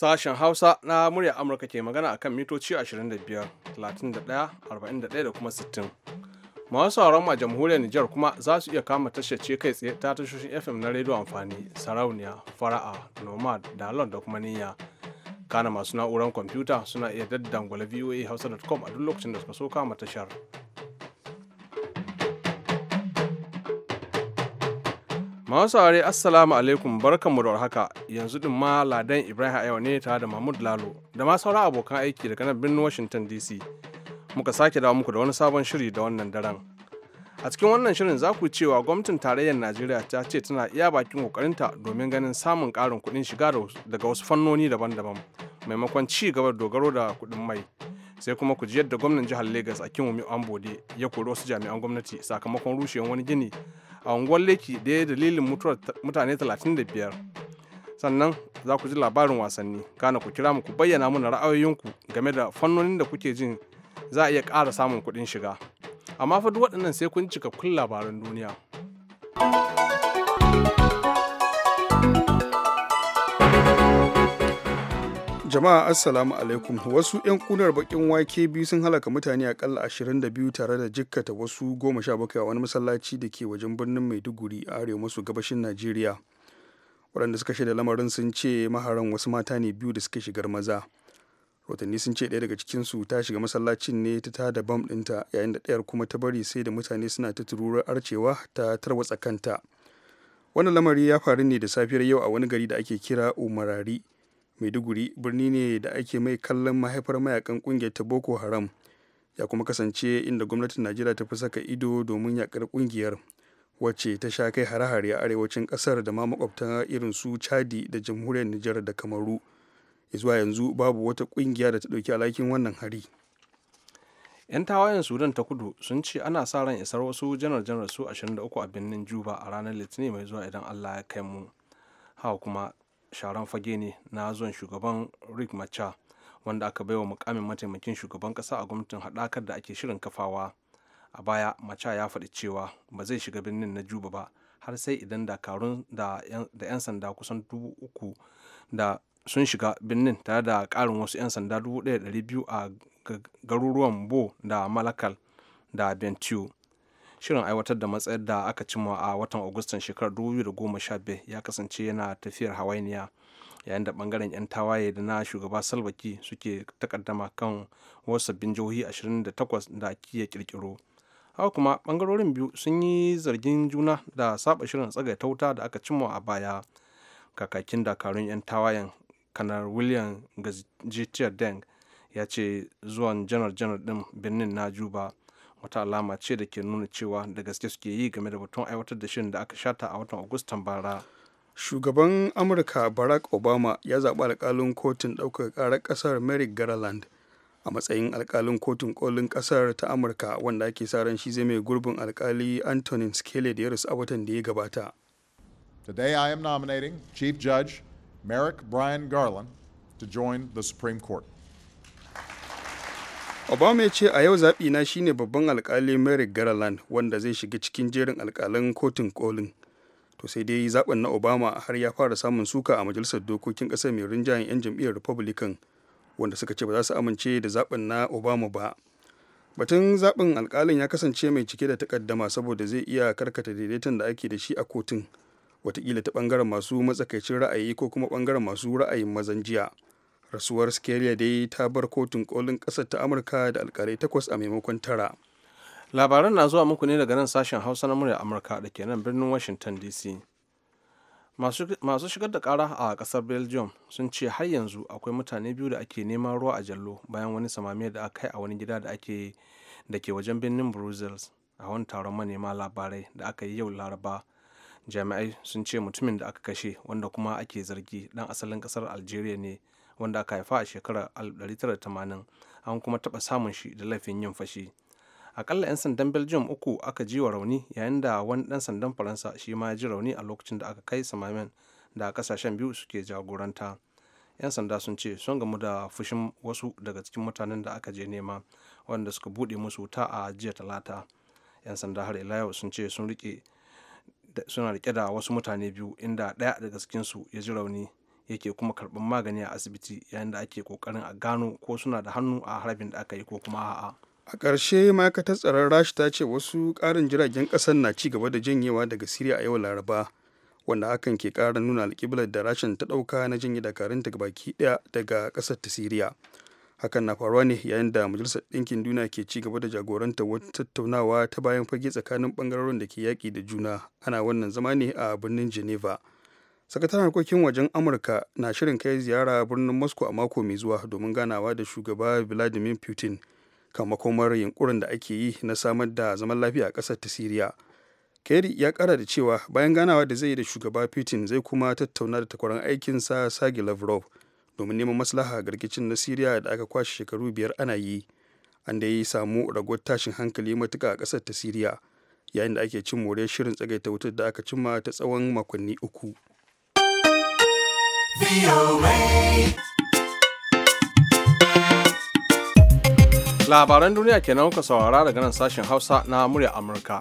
Sashen Hausa na murya Amurka ke magana a kan mitoci 25, 31, 41 da kuma 60. Masu sauran a jamhuriyar Nijar kuma za su iya kama tashar ce kai tsaye ta tashoshin FM na rediyo amfani, sarauniya, fara'a, nomad, alon da kuma niyya. Kana masu na'urar kwamfuta suna iya daddangwale voa hausa.com a duk lokacin da suka so kama tashar. Masu saurare Assalamu alaikum mu da warhaka yanzu din ma Ladan Ibrahim Ayo ne tare da Mahmud Lalo da ma sauran abokan aiki daga nan birnin Washington DC. Muka sake dawo muku da wani sabon shiri da wannan daren. A cikin wannan shirin za ku cewa gwamnatin tarayyar Najeriya ta ce tana iya bakin kokarinta domin ganin samun karin kuɗin shiga daga wasu fannoni daban-daban maimakon ci gaba dogaro da kuɗin mai. sai kuma ku ji yadda gwamnan jihar lagos a Kinwumi Ambode ya kori wasu jami'an gwamnati sakamakon rushewar wani gini a unguwar leki da ya dalilin mutuwar mutane 35 sannan za ku ji labarin wasanni gane ku kira mu ku bayyana mana ra'ayoyinku game da fannonin da kuke jin za a iya ƙara samun kuɗin shiga amma fa duk waɗannan sai kun cika kun labaran duniya. jama'a assalamu alaikum wasu 'yan kunar bakin wake biyu sun halaka mutane akalla 22 tare da jikkata wasu 17 a wani masallaci da ke wajen birnin maiduguri a arewa maso gabashin najeriya waɗanda suka shaida lamarin sun ce maharan wasu mata ne biyu da suka shigar maza rotanni sun ce ɗaya daga cikinsu ta shiga masallacin ne ta da bam ɗinta yayin da ɗayar kuma ta bari sai da mutane suna ta tururar arcewa ta tarwatsa kanta wannan lamari ya faru ne da safiyar yau a wani gari da ake kira umarari maiduguri birni ne da ake mai kallon mahaifar mayakan kungiyar ta boko haram ya kuma kasance inda gwamnatin najeriya ta fi saka ido domin yakar kungiyar wacce ta sha kai hare-hare a arewacin kasar da ma makwabta irin su chadi da jamhuriyar nijar da kamaru zuwa yanzu babu wata kungiya da ta dauki alhakin wannan hari 'yan tawayen sudan ta kudu sun ce ana sa ran isar wasu janar-janar su 23 a birnin juba a ranar litinin mai zuwa idan allah ya kai mu hawa kuma sharan fage ne na zuwan shugaban rick macha wanda aka baiwa mukamin mataimakin shugaban kasa a gwamnatin haɗakar da ake shirin kafawa a baya macha ya faɗi cewa ba zai shiga birnin na juba ba har sai idan dakarun da 'yan sanda kusan dubu uku da sun shiga birnin tare da ƙarin wasu 'yan sanda ɗaya da biyu a garuruwan bo da malakal da bentiu shirin aiwatar da matsayar da aka cimma a watan agustan shekarar 2015 ya kasance yana tafiyar hawainiya yayin da bangaren 'yan tawaye da na shugaba salwaki suke takaddama kan wasu sabbin jihohi 28 da kiya kirkiro haka kuma bangarorin biyu sun yi zargin juna da saba shirin ta wuta da aka cimma a baya kakakin dakarun 'yan tawayen kanar william gajitiyar deng ya ce zuwan janar janar din birnin na juba wata alama ce da ke nuna cewa da gaske suke yi game da batun aiwatar da shirin da aka shata a watan agustan bara shugaban amurka barack obama ya zaɓi alkalin kotun ɗaukar ƙarar ƙasar merrick garland a matsayin alkalin kotun ƙolin ƙasar ta amurka wanda ake sa ran shi zai mai gurbin alkali antonin skele da ya rasu a watan da ya gabata today i am nominating chief judge merrick brian garland to join the supreme court obama ya ce a yau zaɓi na shine babban alkali merrick garland wanda zai shiga cikin jerin alkalan kotun kolin to sai dai zaben na obama har ya fara samun suka a majalisar dokokin ƙasar mai rinjayen 'yan jam'iyyar republican wanda suka ce ba za su amince da zaben na obama ba batun zaben alkalin ya kasance mai cike da takaddama saboda zai iya karkata daidaiton da ake da shi a kotun watakila ta bangaren masu matsakaicin ra'ayi ko kuma bangaren masu ra'ayin mazan jiya rasuwar skelia dai ta bar kotun kolin ƙasar ta amurka da alkalai takwas a maimakon tara labaran na zuwa muku ne daga nan sashen hausa na murya amurka da ke nan birnin washington dc masu shigar da kara a kasar belgium sun ce har yanzu akwai mutane biyu da ake neman ruwa a jallo bayan wani samame da aka kai a wani gida da ake da ke wajen birnin brussels a wani taron manema labarai da aka yi yau laraba jami'ai sun ce mutumin da aka kashe wanda kuma ake zargi dan asalin kasar algeria ne wanda aka haifa a shekarar 1980 an kuma taɓa samun shi da laifin yin fashi akalla 'yan sandan belgium uku aka ji wa rauni yayin da wani ɗan sandan faransa shi ma ya ji rauni a lokacin da aka kai samamen da kasashen biyu suke jagoranta 'yan sanda sun ce sun gamu da fushin wasu daga cikin mutanen da aka je nema wanda suka buɗe musu wuta a jiya talata 'yan sanda har ila yau sun ce sun rike da wasu mutane biyu inda ɗaya daga cikinsu ya ji rauni yake kuma karɓar magani a asibiti yayin da ake kokarin a gano ko suna da hannu a harbin da aka yi ko kuma a'a. a ƙarshe ma'aikatar tsaron rashi ta ce wasu ƙarin jiragen ƙasar na ci gaba da janyewa daga siriya a yau laraba wanda hakan ke ƙara nuna alƙiblar da rashin ta ɗauka na janye daga baki ɗaya daga ƙasar ta siriya hakan na faruwa ne yayin da majalisar ɗinkin duniya ke ci gaba da jagoranta wata tattaunawa ta bayan fage tsakanin ɓangarorin da ke yaƙi da juna ana wannan zama ne a birnin geneva sakataren harkokin wajen amurka na shirin kai ziyara birnin moscow a mako mai zuwa domin ganawa da shugaba vladimir putin kan makomar yunkurin da ake yi na samar da zaman lafiya a kasar ta siriya kerry ya kara da cewa bayan ganawa da zai yi da shugaba putin zai kuma tattauna da takwaran aikinsa sagi lavrov domin neman maslaha a gargicin na siriya da aka kwashe shekaru biyar ana yi an da yi samu ragowar tashin hankali matuka a kasar ta siriya yayin da ake cin more shirin tsagaita wutar da aka cimma ta tsawon makonni uku Labaran duniya kenan kuka saurara daga nan sashen Hausa na murya Amurka.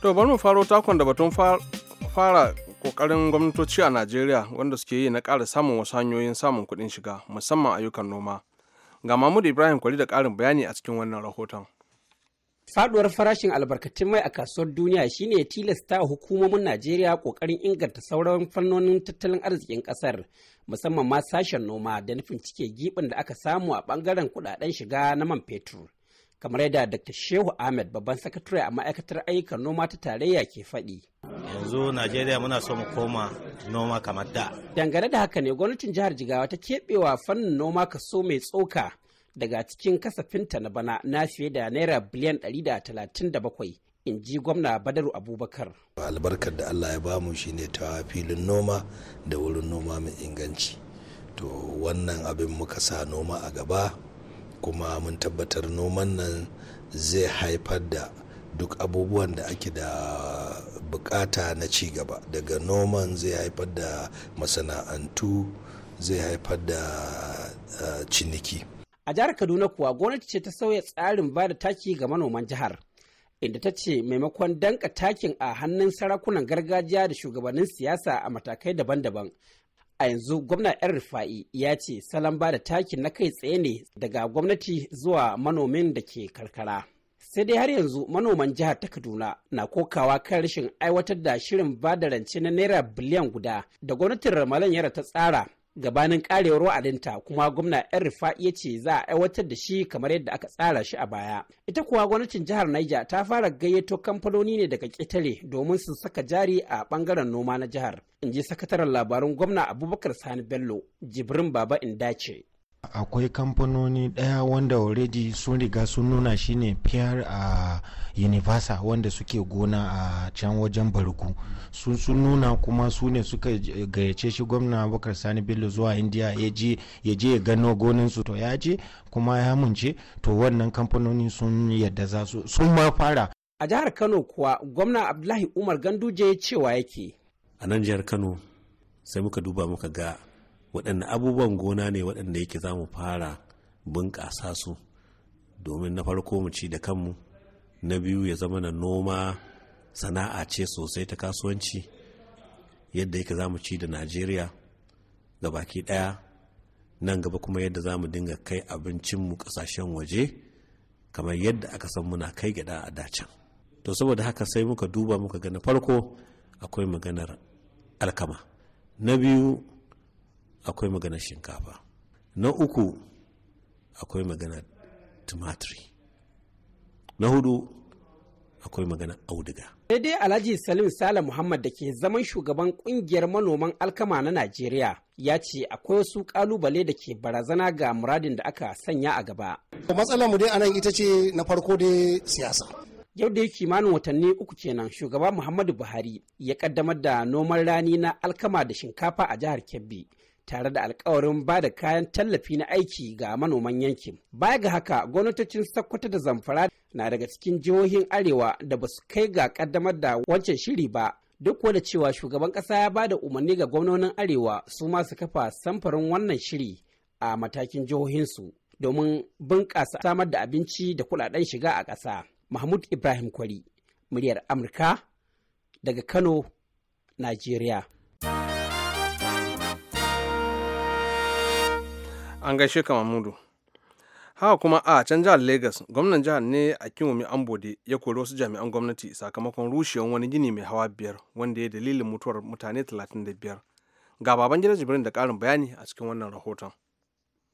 To bari mu faro takon da batun fara kokarin gwamnatoci a Najeriya wanda suke yi na ƙara samun wasu hanyoyin samun kuɗin shiga musamman ayyukan noma. Ga Mahmud Ibrahim kwari da ƙarin bayani a cikin wannan rahoton. Faduwar farashin albarkatun mai a kasuwar duniya shine tilasta hukumomin Najeriya kokarin inganta sauran fannonin tattalin arzikin kasar musamman ma sashen noma da nufin cike gibin da aka samu a bangaren kudaden shiga na man fetur. Kamar yadda Dr. Shehu Ahmed babban sakatare a ma'aikatar ayyukan noma ta tarayya ke faɗi. Yanzu Najeriya muna so mu koma noma kamar da. Dangane da haka ne gwamnatin jihar Jigawa ta keɓewa fannin noma kaso mai tsoka daga cikin kasafinta na bana na fiye da naira biliyan 137 in ji gwamna badaru abubakar albarkar da allah ya bamu shine ta filin noma da wurin noma mai inganci to wannan abin muka sa noma a gaba kuma mun tabbatar noman nan zai haifar da duk abubuwan da ake da bukata na ci gaba daga noman zai haifar da masana'antu zai haifar da eh, ciniki A jihar Kaduna kuwa gwamnati ce ta sauya tsarin ba da taki ga manoman jihar, inda ta ce maimakon danka takin a hannun sarakunan gargajiya da shugabannin siyasa a matakai daban-daban. A yanzu gwamna 'yan rufa'i ya ce salon ba da takin na kai tsaye ne daga gwamnati zuwa manomin da ke karkara. Sai dai har yanzu manoman jihar ta Kaduna na kokawa kan rashin aiwatar da shirin ba da rance na naira biliyan guda da gwamnatin Ramalan Yara ta tsara gabanin karewar wa'adinta kuma gwamna yan rufa'i ya ce za a aiwatar da shi kamar yadda aka tsara shi a baya ita kuwa gwamnatin jihar niger ta fara gayyato kamfanoni ne daga ƙetare domin su saka jari a ɓangaren noma na jihar in ji sakataren labarun gwamna abubakar sani bello jibrin baba in dace. akwai kamfanoni daya wanda already sun riga sun nuna shine pr a uh, universa wanda suke gona a uh, can wajen baruku sun sun nuna kuma su ne suka gayyace shi gwamna bakar sani bello zuwa india ya je ya gano gonin su to ya je kuma ya munce to wannan kamfanoni sun yadda za su sun ma fara a jihar kano kuwa gwamna abdullahi umar ganduje cewa yake a nan jihar kano sai muka duba muka ga waɗanne abubuwan gona ne waɗanda yake za mu fara bunƙasa su domin na farko mu ci da kanmu na biyu ya zama na noma sana'a ce sosai ta kasuwanci yadda yake za mu ci da najeriya ga baki ɗaya nan gaba kuma yadda za mu dinga kai abincinmu ƙasashen waje kamar yadda aka san muna kai gyaɗa a dacen to saboda haka sai muka duba muka ga farko akwai maganar alkama na biyu akwai maganar shinkafa na uku akwai maganar tumatiri na hudu akwai maganar auduga Daidai alhaji salim sale muhammad da ke zaman shugaban kungiyar manoman alkama na najeriya ya ce akwai wasu kalubale da ke barazana ga muradin da aka sanya a gaba matsalar mu dai anan ita ce na farko dai siyasa yau da ya kimanin watanni uku kenan shugaba muhammadu buhari ya kaddamar da noman rani na alkama da shinkafa a jihar kebbi tare da alkawarin ba da kayan tallafi na aiki ga manoman yankin. Baya ga haka gwamnatocin Sokoto da Zamfara na daga cikin jihohin Arewa da ba su kai ga kaddamar da wancan shiri ba. Duk wanda cewa shugaban ƙasa ya ba da umarni ga gwamnonin Arewa su ma su kafa samfarin wannan shiri a matakin jihohinsu domin bunƙasa samar da abinci da kuɗaɗen shiga a ƙasa. Mahmud Ibrahim Kwari, muryar Amurka daga Kano, Najeriya. an gaishe ka mudu Haka kuma a can jihar lagos gwamnan jihar ne a an Ambode ya kori wasu jami'an gwamnati sakamakon rushewar wani gini mai hawa biyar wanda ya dalilin mutuwar mutane 35. Ga baban gida Jibrin da ƙarin bayani a cikin wannan rahoton.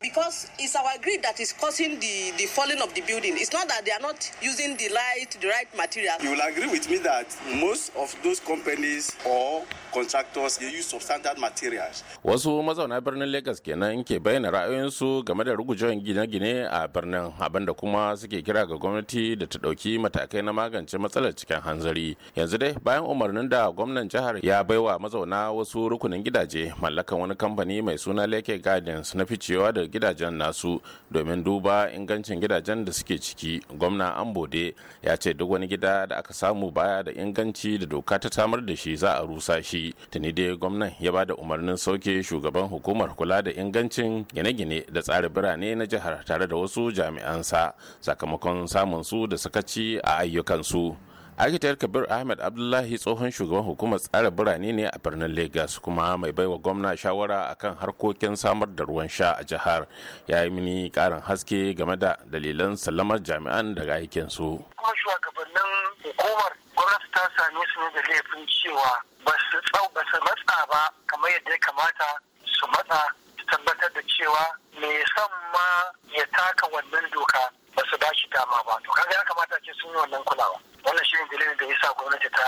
because it's our grid that is causing the, the falling of the building. It's not that they are not using the light, the right material. You will agree with me that most of those companies or contractors they use substandard materials. Wasu mazauna birnin Lagos kenan ke bayyana ra'ayoyinsu game da rugujewan gine-gine a birnin abinda kuma suke kira ga gwamnati da ta ɗauki matakai na magance matsalar cikin hanzari. Yanzu dai bayan umarnin da gwamnan jihar ya baiwa mazauna wasu rukunin gidaje mallakan wani kamfani mai suna Lake Gardens na ficewa da gidajen nasu domin duba ingancin gidajen da suke ciki gwamna ambode ya ce duk wani gida da aka samu baya da inganci da doka ta samar da shi za a rusa shi tuni dai gwamnan ya ba da umarnin sauke shugaban hukumar kula da ingancin gine-gine da tsari birane na jihar tare da wasu jami'an sa sakamakon samun su da sakaci a ayyukansu. a'kitar Kabir Ahmed Abdullahi tsohon shugaban hukumar tsara birane ne a birnin Legas kuma mai baiwa gwamna shawara akan harkokin samar da ruwan sha a jihar ya yi mini karin haske game da dalilan salamar jami'an daga aikin su. Kuma shugabannin hukumar gwamnati ta same su ne da laifin cewa ba su matsa ba kamar yadda ya kamata su matsa su tabbatar da cewa me san ma ya taka wannan doka ba su ba shi dama ba to kaga ya kamata ce sun yi wannan kulawa. wannan shi dalilin da yasa gwamnati ta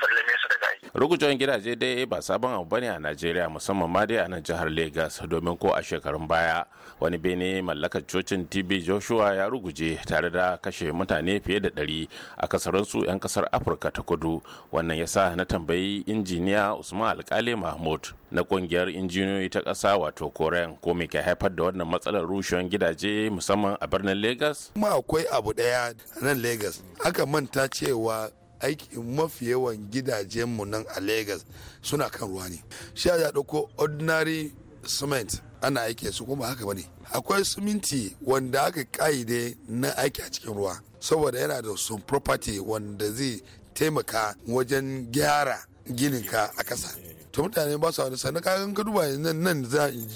sallame su daga aiki. Rugujewan gidaje dai ba sabon abu bane a Najeriya musamman ma dai a nan jihar Legas domin ko a shekarun baya wani bene mallakar cocin tb joshua ya ruguje tare da kashe mutane fiye da ɗari a kasaransu 'yan kasar afirka ta kudu wannan ya sa na tambayi injiniya usman alkali mahmud na kungiyar injiniyoyi ta ƙasa wato koren ko mai ka haifar da wannan matsalar rushewar gidaje musamman a birnin lagos kuma akwai abu ɗaya nan lagos aka manta cewa aiki mafi yawan gidajenmu nan a lagos suna kan ruwa ne shi ya ɗauko ordinary cement ana aiki su kuma haka bane akwai siminti wanda aka ka'ide na aiki a cikin ruwa saboda yana da sun property wanda zai taimaka wajen gyara ginin ka a ƙasa to mutane ba su wani sannan kagan ka duba nan nan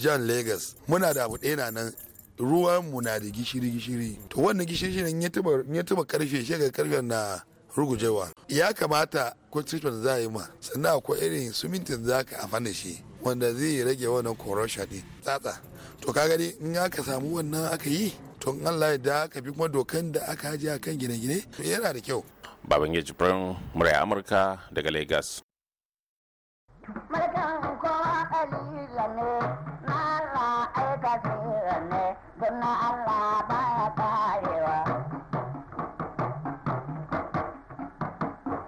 jan lagos muna da abu ɗaya nan ruwan mu na da gishiri gishiri to wannan gishiri shi ya taba ya taba karfe shi ga karfe na rugujewa ya kamata ko treatment za a yi ma sannan akwai irin sumintin za ka amfana shi wanda zai rage wannan corruption ne. tsatsa to ka gani in aka samu wannan aka yi to in Allah ya da aka bi kuma dokan da aka a akan gine-gine yana da kyau baban ya jibrin murai amurka daga lagos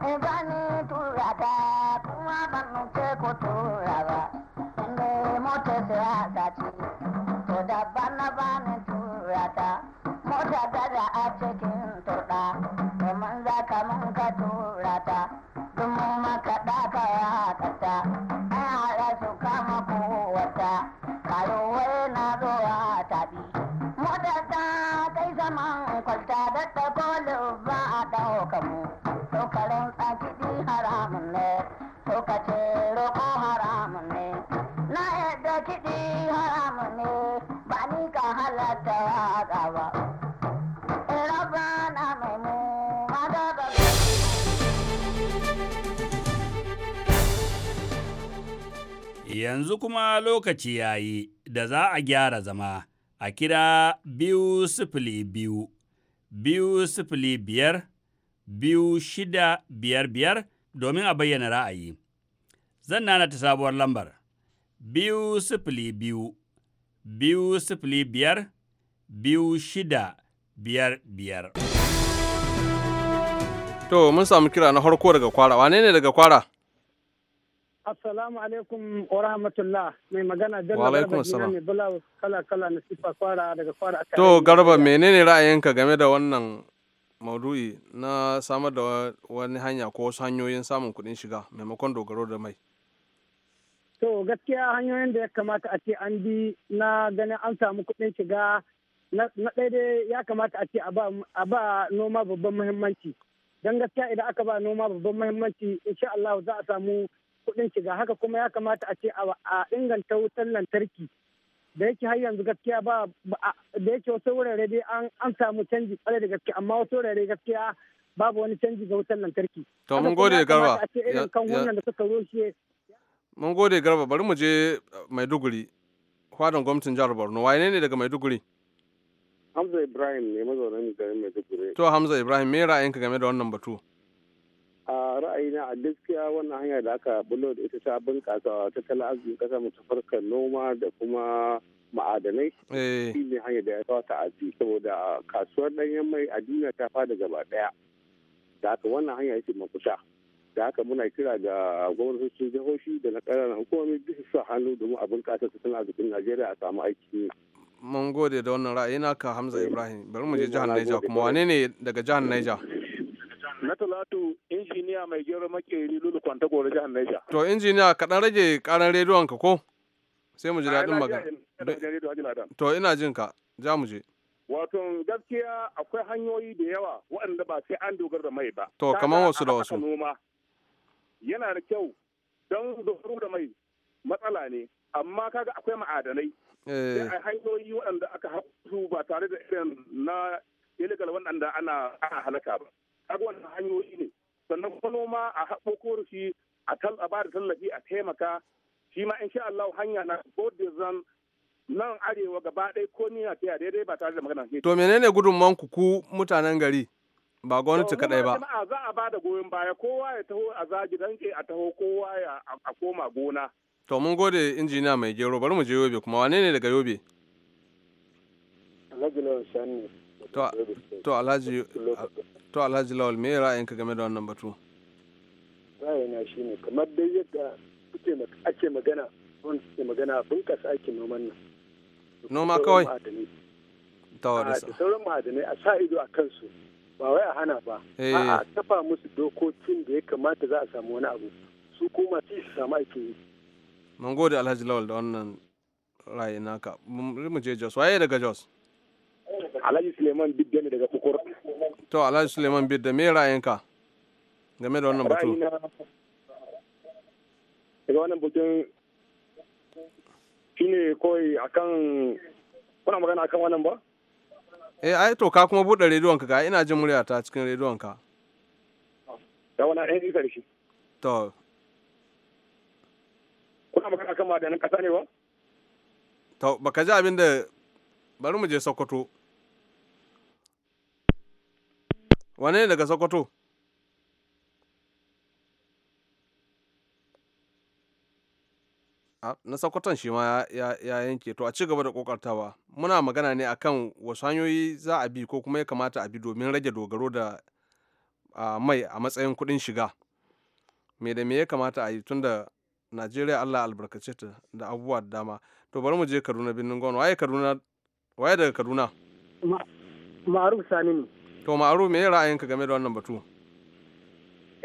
Ibani tura ta kuma ban nuke ku tura ba. ce mota siyasa to da bana bani tura ta mota gada a cikin turɗa domin za ka mun ka tura ta dumin maka ɗaka ya kata an haɗa su kama kowata karuwar na zuwa bi. mota ta kai zaman kwalta da ta kolin ba a ɗauka mu tokarin tsaki haramun ne ce. yanzu kuma lokaci ya yi da za a gyara zama a kira biyu sifili biyu, biyu sifili biyar, biyu shida biyar biyar domin a bayyana ra'ayi. Zan nana ta sabuwar lambar, biyu sifili biyu, biyu sifili biyar, biyu shida biyar biyar. To, mun samu kira na harko daga kwara, wane ne daga kwara? Assalamu alaikum wa rahmatullah mai magana Wa alaikum salam. ne bula kala kala na sifa kwara daga kwara aka. To garba menene ra'ayinka game da wannan maudu'i na samar da wani hanya ko wasu hanyoyin samun kuɗin shiga maimakon dogaro da mai? To gaskiya hanyoyin da ya kamata a ce an bi na ganin an samu kuɗin shiga na daidai ya kamata a ce a ba noma babban muhimmanci. Don gaskiya idan aka ba noma babban muhimmanci insha Allah za a samu kuɗin shiga haka kuma ya kamata a ce a inganta wutar lantarki da yake har yanzu gaskiya ba da yake wasu wurare dai an samu canji kwarai da gaske amma wasu wurare gaskiya babu wani canji ga wutar lantarki. To mun gode garba. Mun gode garba bari mu je Maiduguri. Kwadon gwamnatin jihar Borno waye ne daga Maiduguri? Hamza Ibrahim ne mazaunin garin Maiduguri. To Hamza Ibrahim me ra'ayinka game da wannan batu? a ra'ayina a gaskiya wannan hanya da aka bullo da ita ta bunƙasa tattalin arzikin ƙasa mu ta farkar noma da kuma ma'adanai eh. shi ne hanya da ya kawata a ci saboda kasuwar ɗanyen mai a duniya ta fada gaba ɗaya da haka wannan hanya yake makusa da haka muna kira ga gwamnatocin jihohi da na ƙarar hukumomi duk su hannu domin a bunƙasa tattalin arzikin najeriya a samu aiki mun gode da wannan ra'ayi naka hamza eh. ibrahim bari mu je eh, jihar naija kuma wane ne daga jihar naija na talatu injiniya mai gero makeri lulu kwanta gore jihar Niger. To injiniya kaɗan rage ƙaran rediyon ka ko? Sai mu ji daɗin magana. To ina jin ka, ja mu je. Wato gaskiya akwai hanyoyi da yawa waɗanda ba sai an dogara da mai ba. To kamar wasu da wasu. Yana da kyau don dogaro da mai matsala ne, amma kaga akwai ma'adanai. Eh. Sai a hanyoyi waɗanda aka haɗu ba tare da irin na illegal waɗanda ana halaka ba. kaga hanyoyi ne sannan kuma noma a haɓo korafi a a ba da tallafi a taimaka shi ma insha Allah hanya na zan nan arewa gaba ɗaya ko ni na tsaya daidai ba tare da magana to menene gudunman ku ku mutanen gari ba gwamnati kadai ba a za a ba da goyon baya kowa ya taho a zagi danke a taho kowa ya a koma gona to mun gode injiniya mai gero bari mu je yobe kuma wane ne daga yobe to alhaji to alhaji lawal me ra'ayinka game da wannan batu ra'ayina shine kamar dai yadda ake magana wanda suke magana bunƙasa aikin noman nan noma kawai da sauran ma'adanai a sa ido a kansu ba wai a hana ba eh. a kafa musu dokokin da ya kamata za a samu wani abu su kuma su samu aikin yi mun gode alhaji lawal da wannan ra'ayi naka mu je jos waye daga jos Alhaji Suleiman Bidda ne daga Kukur. To Alhaji Suleiman Bidda me ra'ayinka game da wannan batu? Daga wannan batun ne kawai kan kuna magana akan wannan ba? Eh ai to ka kuma buɗe rediyonka ga ina jin murya ta cikin rediyonka. Da wani ɗan isa shi. To. Kuna magana akan nan ƙasa ne ba? To baka ji abin da bari mu je Sokoto. wane ne daga sokoto na sokoton shi ma ya yanke to a ci gaba da kokartawa muna magana ne akan wasu hanyoyi za a bi ko kuma ya kamata a bi domin rage dogaro da mai a matsayin kudin shiga me da me ya kamata a yi tun da najeriya allah albarkace ta da abubuwa da dama to bari mu je kaduna birnin gwano waye daga kaduna ma'aruf sani ne to ma'aru me ra'ayinka game da wannan batu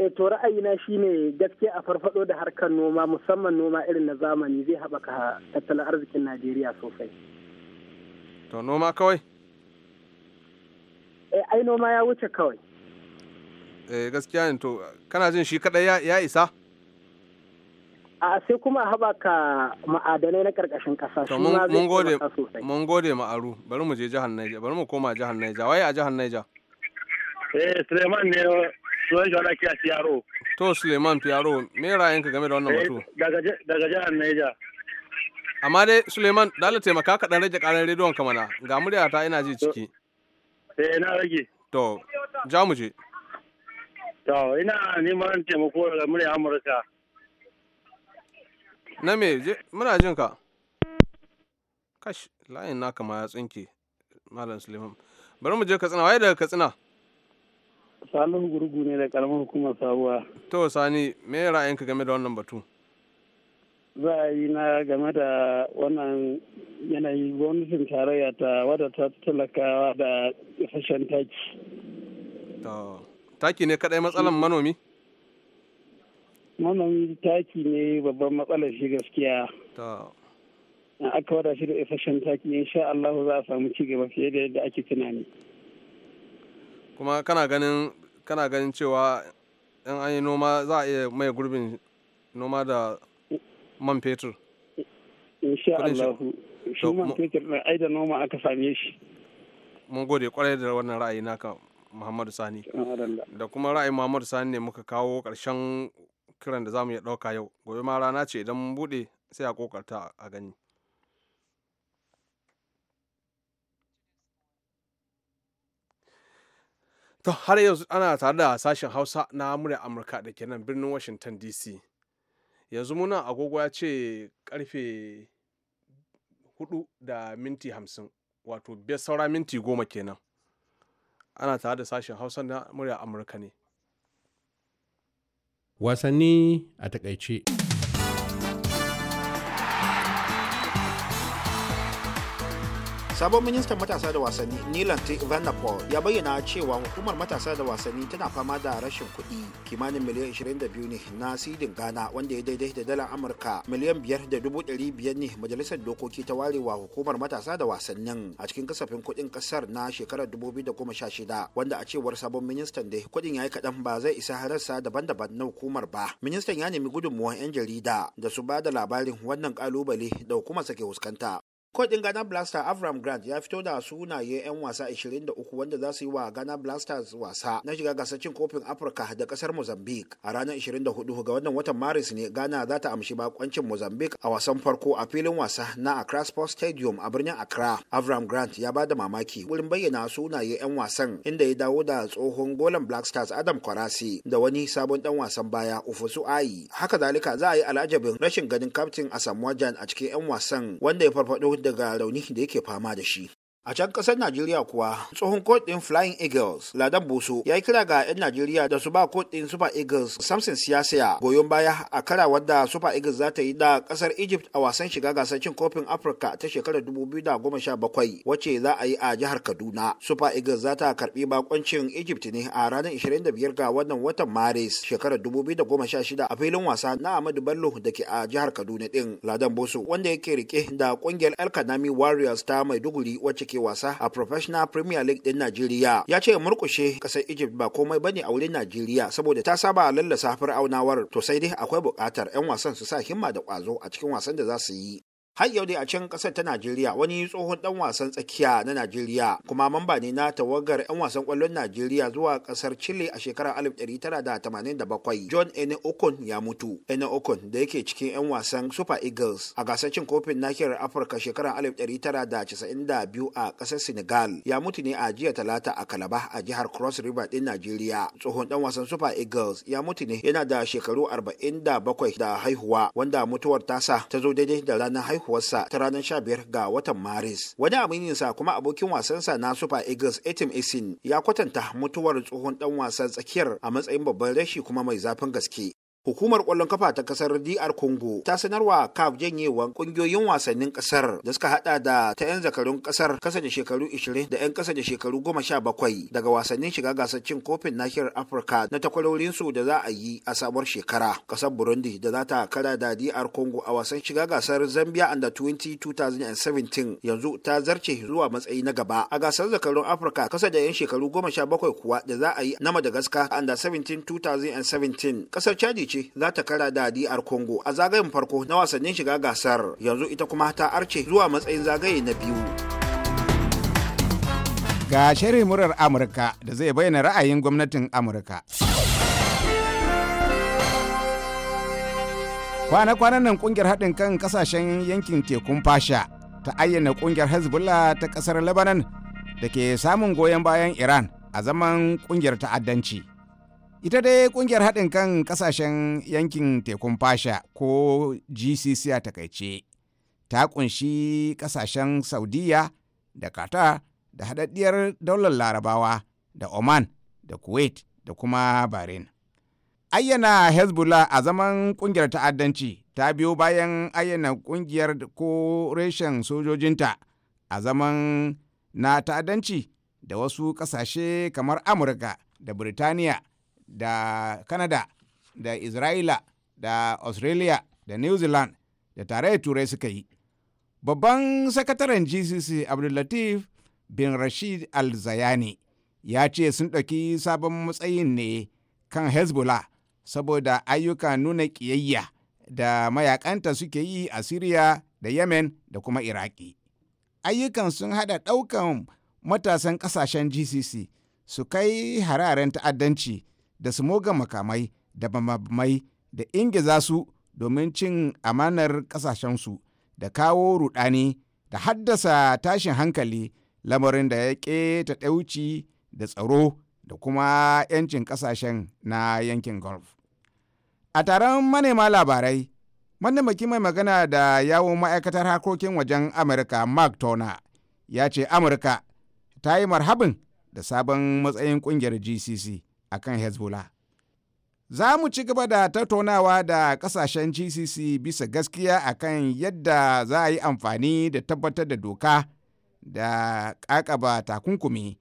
e to ra'ayina shine gaske a farfado da harkar noma musamman noma irin na zamani zai haɓaka tattalin arzikin najeriya sosai to noma kawai e ai noma ya wuce kawai e gaskiya ne to kana jin shi kaɗai ya isa a sai kuma a haɓaka ma'adanai na ƙarƙashin ƙasa shi ma zai mun gode ma'aru bari mu je jihar Naija bari mu koma jihar Naija waye a jihar Naija. Eh, Suleiman ne sunan ake wadaki a Fiyaro. To Suleiman Fiyaro, me ra'ayinka game da wannan eh, batu? Daga jihar Neja. Amma dai Suleiman, dala taimaka kaɗan rage ƙarar rediyon ka mana. Ga murya ta ina ji ciki. Eh, na rage. To, ja mu je. To, ina neman taimako daga murya Amurka. Na me, muna jin ka. Kash, layin naka ma ya tsinke. Malam Suleiman. Bari mu je Katsina, waye daga Katsina? Salihu Gurgu ne da karamar hukumar sabuwa. To Sani, me ra'ayinka game da wannan batu? yi na game da wannan yanayi gwamnatin tarayya ta wadda ta talakawa da fashen taki. Taki ne kaɗai matsalan manomi? Manomi taki ne babban matsalar shi gaskiya. aka wada shi da isasshen taki insha Allah za a samu ci gaba fiye da yadda ake tunani. kuma kana ganin kana ganin cewa in an yi noma za a iya mai gurbin noma da man fetur insha allahu shi man fetur na ai da noma aka same shi mun gode kwarai da wannan ra'ayi naka Muhammadu Sani da kuma ra'ayi Muhammadu Sani ne muka kawo ƙarshen kiran da zamu iya ɗauka yau gobe ma rana ce idan mun bude sai a kokarta a gani To har yanzu ana tare da sashen Hausa na murya Amurka da ke nan birnin Washington DC. Yanzu muna agogo ya ce karfe hudu da minti hamsin wato biyar saura minti goma kenan. Ana tare da sashen Hausa na murya Amurka ne. Wasanni a takaice. sabon ministan matasa da wasanni nilanti vanderpool ya bayyana cewa hukumar matasa da wasanni tana fama da rashin kuɗi kimanin miliyan 22 ne na sidin ghana wanda ya daidai da dalar amurka miliyan 5,500 ne majalisar dokoki ta warewa hukumar matasa da wasannin a cikin kasafin kuɗin ƙasar na shekarar 2016 wanda a cewar sabon ministan da kuɗin ya yi kaɗan ba zai isa harassa daban-daban na hukumar ba ministan ya nemi gudunmuwan 'yan jarida da su ba da labarin wannan ƙalubale da hukumar sake fuskanta Kodin Ghana Blaster Avram Grant ya fito da sunaye 'yan wasa 23 wanda za su yi wa Ghana Blasters wasa na shiga gasar cin kofin Afirka da kasar Mozambique. A ranar 24 ga wannan watan Maris ne Ghana za ta amshi bakoncin Mozambique a wasan farko a filin wasa na Accra Sports Stadium a birnin Accra. Avram Grant ya bada mamaki wurin bayyana sunaye 'yan wasan inda ya dawo da tsohon golan Black Adam Kwarasi da wani sabon dan wasan baya Ufusu Ayi. Haka zalika za a yi al'ajabin rashin ganin kaftin Asamoah a cikin 'yan wasan wanda ya farfado daga raunin da yake fama da shi A can ƙasar Najeriya kuwa tsohon kodin Flying Eagles Ladan Boso ya yi kira ga 'yan Najeriya da su ba kodin Super Eagles Samson Siyasaya goyon baya a kara wadda Super Eagles za ta yi da kasar Egypt a wasan shiga gasar cin kofin Afirka ta shekarar 2017 wacce za a yi a jihar Kaduna. Super Eagles za ta karbi bakoncin Egypt ne a ranar 25 ga wannan watan Maris shekarar 2016 a filin wasa na Ahmadu Bello da ke a jihar Kaduna din. Ladan Boso wanda yake rike da ƙungiyar El Kanami Warriors ta Maiduguri wacce ke wasa a Professional Premier League din Najeriya ya ce murkushe kasar Egypt ba komai bane a wurin Najeriya saboda ta saba lallasa fir'aunawar to sai dai akwai bukatar 'yan wasan su sa himma da ƙwazo a cikin wasan da za su yi. har yau dai a can kasar ta najeriya wani tsohon dan wasan tsakiya na najeriya kuma mamba ne na tawagar 'yan wasan kwallon najeriya zuwa kasar chile a shekarar 1987 john ene okon ya mutu ene okon da yake cikin 'yan wasan super eagles a gasar cin kofin nahiyar afirka shekarar 1992 a kasar senegal ya mutu ne a jiya talata a kalaba a jihar cross river din najeriya tsohon dan wasan super eagles ya mutu ne yana da shekaru 47 da haihuwa wanda mutuwar tasa ta zo daidai da ranar haihuwa haihuwarsa ta ranar 15 ga watan Maris. Wani amininsa kuma abokin wasansa na Super Eagles Etim Isin ya kwatanta mutuwar tsohon dan wasan tsakiyar a matsayin babban rashi kuma mai zafin gaske. Hukumar kwallon kafa ta kasar DR Congo ta sanarwa CAF janyewan kungiyoyin wasannin kasar da suka hada da ta 'yan zakarun kasar kasa da shekaru 20 da 'yan kasa da shekaru 17 daga wasannin shiga gasar cin kofin nahiyar Afirka na su da za a yi a sabuwar shekara. kasar Burundi da za ta kara da DR Congo a wasan shiga gasar Zambia Under 20 2017 yanzu ta zarce zuwa matsayi na gaba. A gasar zakarun Afirka kasa da 'yan shekaru 17 kuwa da za a yi na Madagascar Under 17 2017 kasar Chadi ce za ta kara da DR Congo a zagayen farko na wasannin shiga gasar yanzu ita kuma ta arce zuwa matsayin zagaye na biyu. Ga shirin murar Amurka da zai bayyana ra'ayin gwamnatin Amurka. kwana-kwanan nan kungiyar haɗin kan kasashen yankin tekun fasha ta ayyana kungiyar hezbollah ta ƙasar lebanon da ke samun goyon bayan iran a zaman kungiyar ta'addanci ita dai kungiyar haɗin kan ƙasashen yankin tekun fasha ko gcc a takaice ta kunshi ƙasashen saudiya da qatar da haɗaɗɗiyar daular larabawa da oman da kuwait da kuma bahrain ayyana hezbollah a zaman kungiyar ta'addanci ta biyo bayan ayyana kungiyar ko reshen sojojinta a zaman na ta'addanci da wasu ƙasashe kamar amurka da birtaniya da canada da isra'ila da australia da new zealand da da turai suka yi babban sakataren gcc abdullatif bin rashid al-zayani ya ce sun ɗauki sabon matsayin ne kan hezbollah saboda ayyuka nuna ƙiyayya da mayakanta suke yi a syria da yemen da kuma iraki ayyukan sun haɗa ɗaukan matasan ƙasashen gcc su kai hararen ta'addanci da su moga makamai da mamamai da ingiza su domin cin amanar ƙasashensu da kawo rudani da haddasa tashin hankali lamarin da ya keta ɗauci da tsaro da kuma 'yancin ƙasashen na yankin gulf a taron manema labarai mataimaki mai magana da yawon ma'aikatar harkokin wajen amurka mark tona ya ce amurka ta yi marhabin da sabon matsayin kungiyar gcc a kan hezbollah za mu ci gaba da tattaunawa da kasashen gcc bisa gaskiya a kan yadda za a yi amfani da tabbatar da doka da kakaba takunkumi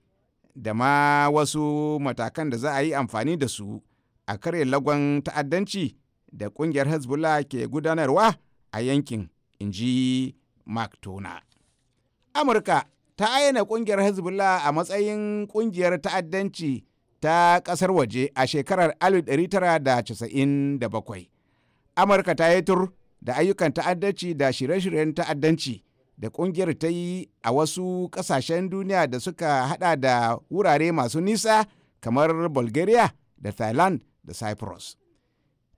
da ma wasu matakan da za a yi amfani da su a karya lagon ta'addanci da kungiyar hezbollah ke gudanarwa a yankin in ji mark amurka ta ayyana kungiyar hezbollah a matsayin kungiyar ta'addanci ta ƙasar waje a shekarar 1997. Amurka ta yi tur da ayyukan ta'addanci da shirye-shiryen ta'addanci da ƙungiyar ta yi a wasu ƙasashen duniya da suka hada da wurare masu nisa kamar Bulgaria da Thailand da Cyprus.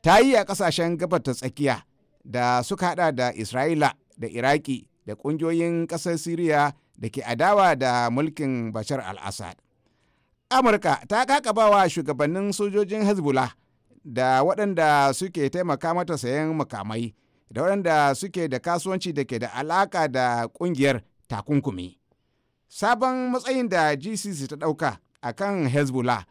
Ta yi a ƙasashen gabar ta tsakiya da suka hada da Isra'ila da Iraki da ƙungiyoyin ƙasar Siriya da ke adawa da mulkin Bashar al-Assad. amurka ta kakabawa shugabannin sojojin hezbollah da waɗanda suke taimaka mata sayan makamai da waɗanda suke da kasuwanci da ke da alaƙa da ƙungiyar takunkumi sabon matsayin da gcc ta ɗauka a kan hezbollah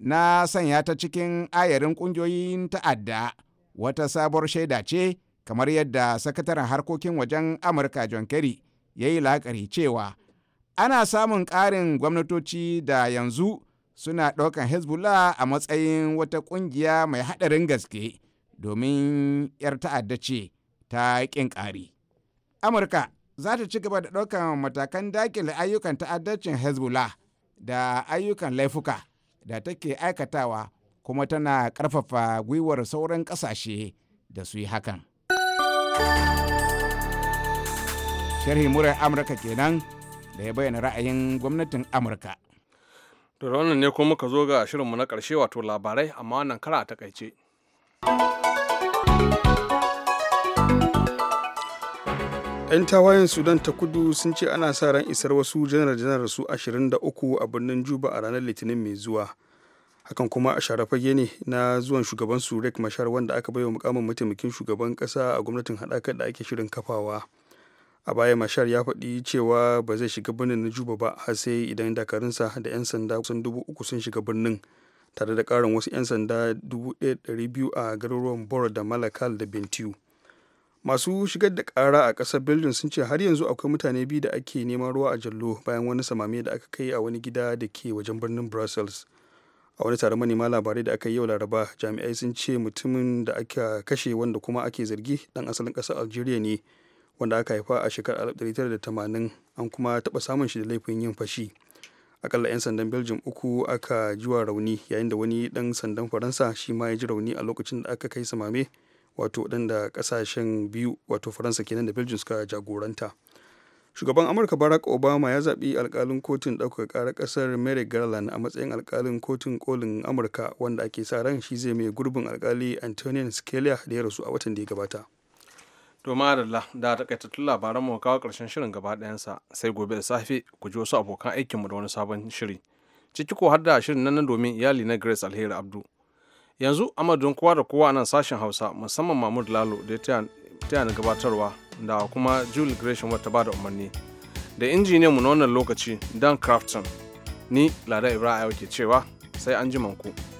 na sanya ta cikin ayarin ƙungiyoyin ta'adda wata sabuwar shaida ce kamar yadda sakataren harkokin wajen amurka john kerry ya yi la'akari cewa ana samun ƙarin gwamnatoci da yanzu suna ɗaukan hezbollah a matsayin wata ƙungiya mai haɗarin gaske domin 'yar ta'adda ce ta ƙin ƙari amurka za ta ci gaba da ɗaukan matakan dakile ayyukan ta'addacin hezbollah da ayyukan laifuka da take aikatawa kuma tana ƙarfafa gwiwar sauran ƙasashe da su yi hakan sharhi murar amurka kenan da ya bayyana ra'ayin gwamnatin amurka to da wannan ne kuma muka zo ga shirinmu na karshe wato labarai amma wannan kara a takaice yan tawayen sudan ta kudu sun ce ana sa ran isar wasu janar-janar su 23 a birnin juba a ranar litinin mai zuwa hakan kuma a sharafage ne na zuwan shugaban su mashar wanda aka baiwa mukamin mataimakin shugaban kasa a gwamnatin haɗakar da ake shirin kafawa a baya mashar ya faɗi cewa ba zai shiga birnin na juba ba har sai idan dakarunsa da 'yan sanda kusan dubu uku sun shiga birnin tare da ƙarin wasu 'yan sanda biyu a garuruwan boro da malakal da bentiu masu shigar da kara a ƙasar belgium sun ce har yanzu akwai mutane biyu da ake neman ruwa a jallo bayan wani samame da aka kai a wani gida da ke wajen birnin brussels a wani taron manema labarai da aka yi yau laraba jami'ai sun ce mutumin da aka kashe wanda kuma ake zargi dan asalin ƙasar algeria ne wanda aka haifa a shekarar 1980 an kuma taɓa samun shi da laifin yin fashi akalla 'yan sandan belgium uku aka jiwa rauni yayin da wani dan sandan faransa shi ma ya ji rauni a lokacin da aka kai samame wato dan da kasashen biyu wato faransa kenan da belgium suka jagoranta shugaban amurka barack obama ya zaɓi alkalin kotun ɗaukar ƙarar kasar merrick garland a matsayin alkalin kotun kolin amurka wanda ake sa ran shi zai mai gurbin alkali antonian scalia da ya rasu a watan da ya gabata To madalla da takaitattun labaran mu kawo karshen shirin gaba sa sai gobe da safe ku ji wasu abokan aikinmu da wani sabon shiri. Ciki ko har da shirin nan domin iyali na Grace Alheri Abdu. Yanzu amadun kowa da kowa nan sashen Hausa musamman Mahmud Lalo da ya taya gabatarwa da kuma Julie Gresham wata ba da umarni. Da injiniyan mu na wannan lokaci Dan Crafton ni Lada Ibrahim ke cewa sai an ji ku.